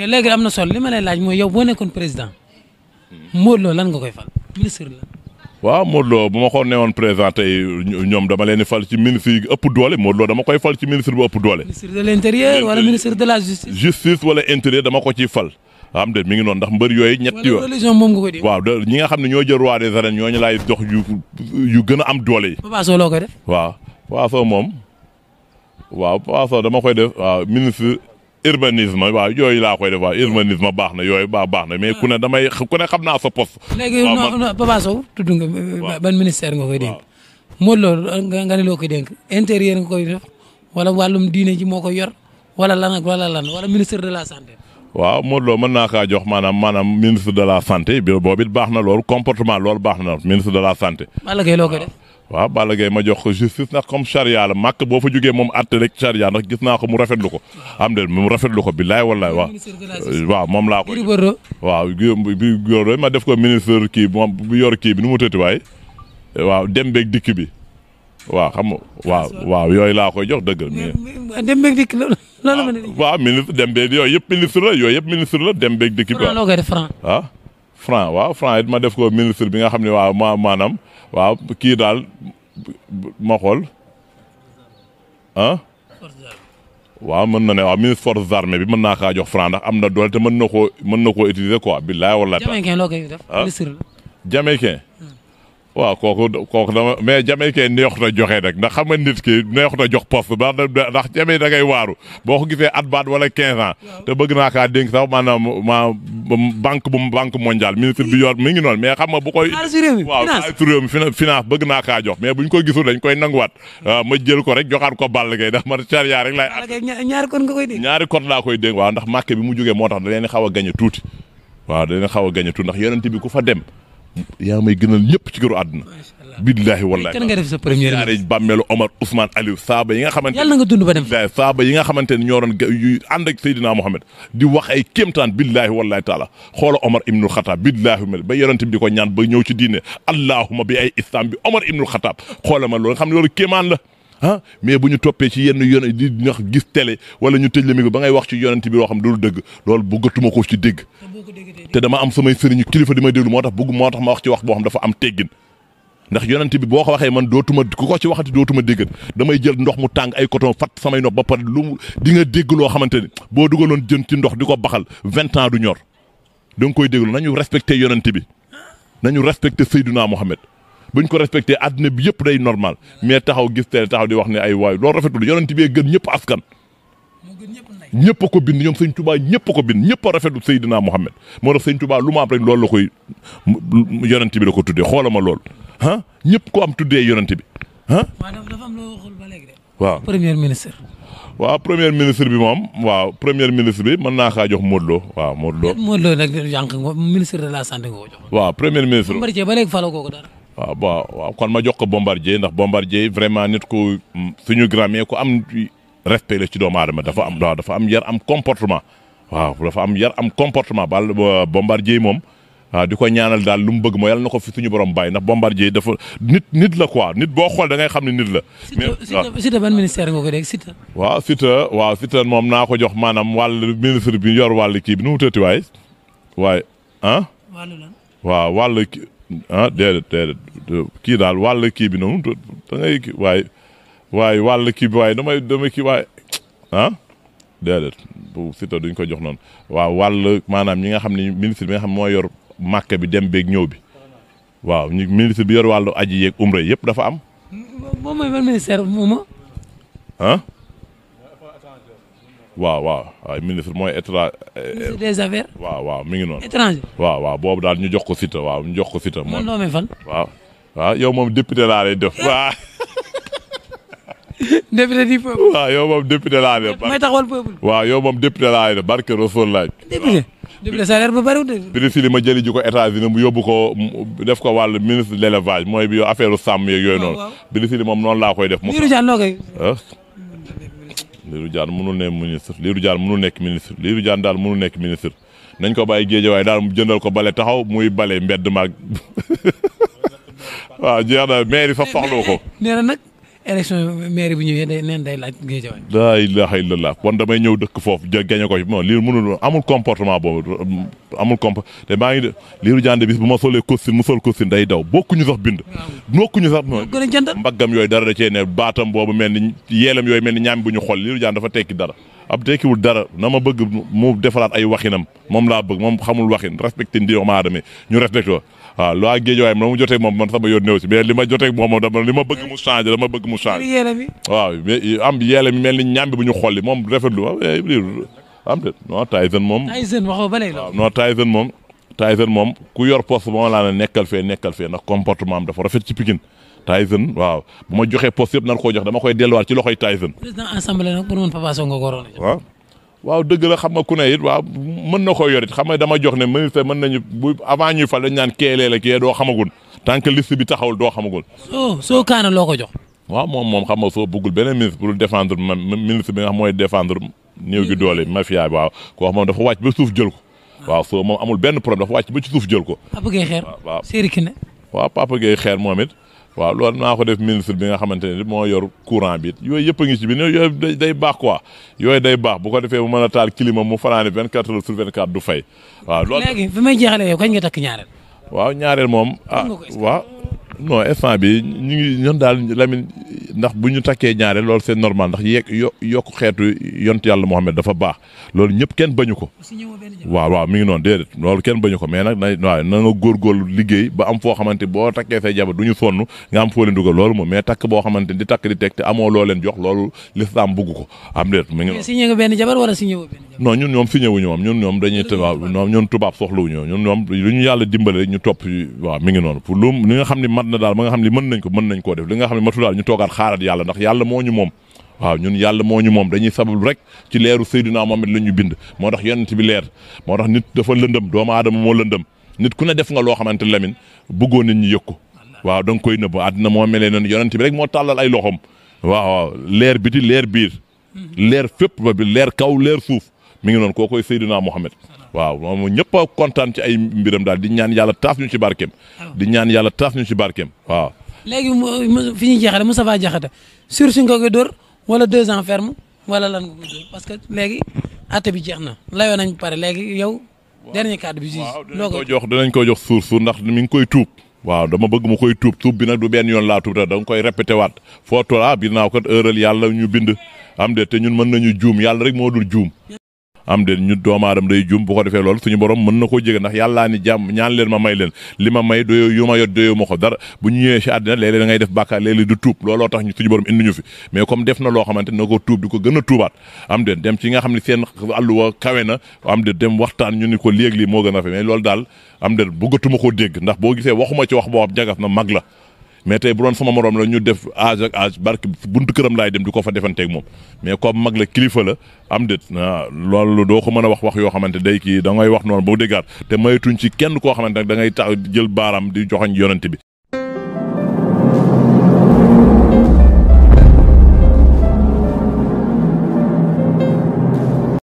ok léegi am na solo li ma lay laaj mooy yow boo nekkoon président Modou lan nga koy fal waaw Modou bu ma ko newoon président tey ñoom dama leen di fal ci ministre yi ëpp doole Modou Lo dama koy fal ci ministre bu ëpp doole. ministre de l' wala ministre de la justice. justice wala intérieur dama ko ciy fal. am de mi noonu ndax mbër yooyu ñett yoo ñooñu laay jox yu gën a am doole yi. Papa Sow loo koy def. waaw Papa Sow moom waaw Papa Sow dama koy urbanisme waaw yooyu laa koy def waaw urbanisme baax na yooyu baax baax na mais ku ne ah. damay naa sa poste. léegi non Papa Sow ban ministère nga koy dénk. Modou Lo nga ne loo koy dénk intérieur nga koy def wala wàllum diine ji moo koy yor wala lan ak wala lan wala ministre de la santé. waaw Modou Lo mën naa kaa jox maanaam maanaam ministre de la santé bi baax na loolu comportement loolu baax na ministre de la santé. Balla Gaye loo koy waaw Balla Gaye ma jox ko justice ndax comme charia la màkk boo fa jógee moom àtte rek charia ndax gis naa ko mu rafetlu ko am de mu rafetlu ko billaay wallaay waaw waaw moom laa ko waaw bi góor ma def ko ministre kii moom bu yor kii bi nu mu tëti waay waaw dem beeg dikk bi waaw xam nga waaw waaw yooyu laa koy jox dëgg la dem beeg dikk loolu la ma ne waaw ministre yooyu yëpp ministre la yooyu dem beeg dikk bi waaw ah, franc waaw franc it ma def ko ministre bi nga xam ne waaw ma maanaam waaw kii daal ma xool ah. waaw mën na ne waaw ministre forces armées bi mën naa kaa jox franc ndax am na doole te mën na koo mën na koo utiliser ko billaay wallaay. jamaïcain loo koy def ministre la. jamaïcain waaw kooku kooku dama mais Jamaye kay neex na joxe nag ndax xam nga nit ki neex na jox poste ba ndax Jamaye da ngay waaru boo ko gisee at baat wala 15 ans te bëgg naa kaa dénk sax maanaam ma banque bu banque mondiale ministre bi yoor mi ngi noonu mais xam nga bu koy. waaw finance bëgg naa kaa jox mais buñ ko gisul dañ koy nanguwaat hmm. ah, ma jël ko rek joxaat ko Balla Gaye ndax man charia rek laay. ñaari kon nga ñaari kon laa koy dénk waaw ndax marque bi mu jógee moo tax da leen xaw a gañ tuuti waaw da xaw a ndax yonent bi ku fa dem yaa may gënal ñëpp ci këru àdduna. billaahi wallaahi kan nga def Omar Ousmane Aliou saaba yi nga xamante yàlla nga dund ba dem yi nga xamante ne ñoo doon yu ànd ak Seydina Mohamed di wax ay kéemtaan billaahi wallaahi taala xoola Omar Ibnul Xataab billaahi mel ba yonente bi ko ñaan ba ñëw ci diine allahuma bi ay islam bi Omar Ibnul Xataab xoola ma loolu nga xam ne loolu kéemaan la ah mais bu ñu toppee ci yenn yoon di wax gis télé wala ñu tëj la mi ba ngay wax ci yonent bi loo xam dul dëgg loolu bëggatuma ko ci dégg te dama am samay sëriñu kilifa di may déglu moo tax bëgg moo tax ma wax ci wax boo xam am teggin ndax yonent bi boo ko waxee man dootuma ku ko ci waxati dootuma déggat damay jël ndox mu tàng ay coton fat samay nopp ba pare lu di nga dégg loo xamante ni boo dugaloon jën ci ndox di ko baxal vingt ans du ñor da nga koy déglu nañu respecté yonent bi ah. nañu respecté Seydina Mohamed bu ñu ko respecté àddina bi yëpp day normal mais taxaw gis teel taxaw di wax ne ay waay loolu rafetul yonent bi gën ñëpp askan ñëpp a ko bind ñoom sëñ Touba ñëpp ko bind ñëpp a rafetlu Seydina Mohamed moo tax sëñ Touba lu ma am rek loolu la koy yonent bi la ko tuddee xoola ma loolu ah ñëpp ko am tuddee yonent bi ah. waaw dafa am loo waxul ba léegi de. waaw premier ministre. waaw premier ministre bi moom waaw premier ministre bi mën naa kaa jox Modou Lo waaw Modou Lo. Modou Lo nag yànq ministre de la santé nga ko waaw waaw bon waaw kon ma jox ko Bombardier ndax Bombardier vraiment nit ku mm, suñu grammaire ku am respect la ci doomu aadama dafa am waaw dafa am yar am comportement waaw dafa am yar am comportement baal Bombardier moom waaw di ko ñaanal daal lu mu bëgg moo yàlla na ko fi suñu borom bàyyi ndax Bombardier dafa nit nit la ko quoi nit boo xool da ngay xam ne nit la. mais Siteu ban ministère ko dégg Siteu. waaw Siteu waaw Siteu moom naa ko jox maanaam wàll ministre bi yor wàll kii bi nu mu tëtti waay waay ah. wàllu lan waaw ah déedéet kii daal wàll kii bi noonu da ngay waaye waaye wàll kii bi waay damay damay ki waaye ah déedéet bu duñ ko jox noonu waaw wàll maanaam ñi nga xam ne ministre bi nga xam moo yor màkk bi dem beeg ñëw bi waaw ñu ministre bi yor wàllu aji yeeg umra yëpp dafa am. moom mooy ban ministère moom ah. waaw waaw waaw ministre mooy état. ministre eh, waaw waaw mi ngi noonu. étranger. waaw waaw boobu daal ñu jox ko Siteu waaw jox ko Siteu. moom noo fan. yow moom député laa lay def. Eh. waaw. yow moom député laa lay def. may yow moom député laa lay def barke Rasul laaj. député. député salaire ba bariwul de. ko États-Unis mu yóbbu ko def ko wàllu ministre de mooy bi affaire sàmm yeeg yooyu noonu. waaw moom noonu laa koy def. mu. Ndiru Diagne noo koy. Lirou Diane mënul ne ministre Lirou Diane mënul nekk ministre Lirou Diane daal mënul nekk ministre nañ ko bàyyi géejawaay daal mu jëndal ko bale taxaw muy bale mbedd maag waaw jeex na maire yi fa soxloo ko élection maire bi ñëwee day neen day laaj Géejawaay. laa ilaaha illallaah kon damay ñëw dëkk foofu ja gañe ko ci bon lii mënul amul comportement boobu amul comp te maa ngi liiru jànd bis bu ma solee costume mu sol costume day daw bokkuñu sax bind. bokkuñu sax. mbaggam yooyu dara da cee ne baatam boobu mel ni yeelam yooyu mel ni ñaam bu ñu xool liiru jaan dafa tekki dara. ab tekkiwul dara na ma bëgg mu defaraat ay waxinam moom laa bëgg moom xamul waxin respecté ndi yow maa demee ñu respecté waaw loi Guédiawaye moom la moom man sama yoon néew si mais li ma joteeg moom moom dama li ma bëgg mu changé dama bëgg mu changé waaw mais am yéele mi mel ni ñàmbi bu ñu xolli moom rafetlu wa am de non moom Tyson waxoo ba moom ku yor poste moom laa ne nekkal fee nekkal fee ndax comportement am dafa rafet ci Pikine Tyson waaw bu ma joxee poste yëpp nar koo jox dama koy delluwaat ci loxoy Tyson président assemblée bu woon Papa nga ko waroon waaw dëgg la xam nga ku ne it waaw mën na koo yor it xam nga dama jox ne ministère mën nañu bu avant ñuy fal dañ naan keelee la kii doo xamagul tant que liste bi taxawul doo xamagul. soo soo kaana loo ko jox. waaw moom moom xam nga soo bëggul beneen ministre pour défendre ma ministre bi nga xam mooy défendre néew gi doole mafia bi waaw koo xam moom dafa wàcc ba suuf jël ko. Ah. waaw soo moom amul benn problème dafa wàcc ba ci suuf jël ko. Papa Gueye Xeer. waaw Serigne Kine. waaw Papa Gueye Xeer moom it waaw loolu naa ko def ministre bi nga xamante ne moo yor courant bi yooyu yëpp a ngi ci biir yooyu day baax quoi yooyu day baax bu ko defee mu mën a taal climat mu fanaane vingt quatre heures sur vingt quatre du fay. waaw loolu léegi fi may jeexalee yow kañ nga takk ñaareel. waaw ñaareel moom. ah waaw non instant bi ñu ngi ñun daal Lamine ndax bu ñu takkee ñaareel loolu c'est normal ndax yeeg yo yokk xeetu yont yàlla Muhammad dafa baax loolu ñëpp kenn bañu ko. waaw waaw mi ngi noonu de loolu kenn ko mais nag na waaw na ba am foo xamante boo takkee say jabar du ñu sonn nga am foo leen dugal loolu boo xamante di takk di teg te amoo loo leen jox loolu ko am déet mi ngi noonu. signé nga benn jabar wala signé woo benn jabar. non ñun ñoom signé wuñu moom ñun tubaab soxlawuñu ñun ñoom ñu yàlla dimbale ñu topp waaw mi noonu pour lu li nga xam ne mat na daal ba nga xam ne mën nañ ko mën nañ koo def li nga xam ne matu daal ñu toogaat xaaral yàlla ndax yàlla moo ñu moom waaw ñun yàlla moo ñu moom dañuy sabab rek ci leeru Seydina Mohamed la ñu bind moo tax yonent bi leer moo tax nit dafa lëndëm doomu aadama moo lëndëm nit ku na def nga loo xamante Lamine bëggoo nit ñi yëg ko waaw da koy nëbb àddina moo melee noonu yonent bi rek moo tàllal ay loxoom waaw leer biti leer biir leer fépp ba bi leer kaw leer suuf mu ngi noonu koo koy Seydina Mohamed waaw moom ñëpp kontaan ci ay mbiram daal di ñaan yàlla taaf ñu ci barkeem di ñaan yàlla ci léegi fi ñu jeexale Moustapha Diakhaté sursis nga koy dóor wala deux ans ferme wala lan nga koy dóor parce que léegi ate bi jeex na layoo nañ pare léegi yow. dernier cadre bi juge loo ko jox dinañ ko jox suur suur ndax mi ngi koy tuub. waaw dama bëgg mu koy tuub tuub bi nag du benn yoon laa tuub da koy répété waat foo toll ah bi naaw kat heural yàlla ñu bind am de te ñun mën nañu juum yàlla rek moo dul juum. am de ñu doomu day jum bu ko defee lool suñu borom mën na koo jege ndax yàllaa ni jàmm ñaan leen ma may leen li ma may doyoo yu ma yot doyoo dara bu ñu ñëwee si àddina léeg-léeg da ngay def bàkkaar léeg-léeg du tuub looloo tax suñu borom indi ñu fi mais comme def na loo xamante na ko tuub di ko gën a tuubaat am de dem ci nga xam ne seen àlluwa kawe na am de dem waxtaan ñu ni ko léeg lii moo gën a rafet mais loolu daal am de bëggatuma koo dégg ndax boo gisee waxuma ci wax boo xam na mag la mais tey bu doon sama moroom la ñu def âge ak âge barke buntu këram laay dem di ko fa defanteeg moom mais comme mag la kilifa la am déet ah, loolu doo ko mën a wax wax yoo xamante day kii da ngay wax noonu boo déggaat te maytuñ ci kenn koo xamante nag da ngay tax jël baaraam di joxoñ yonent bi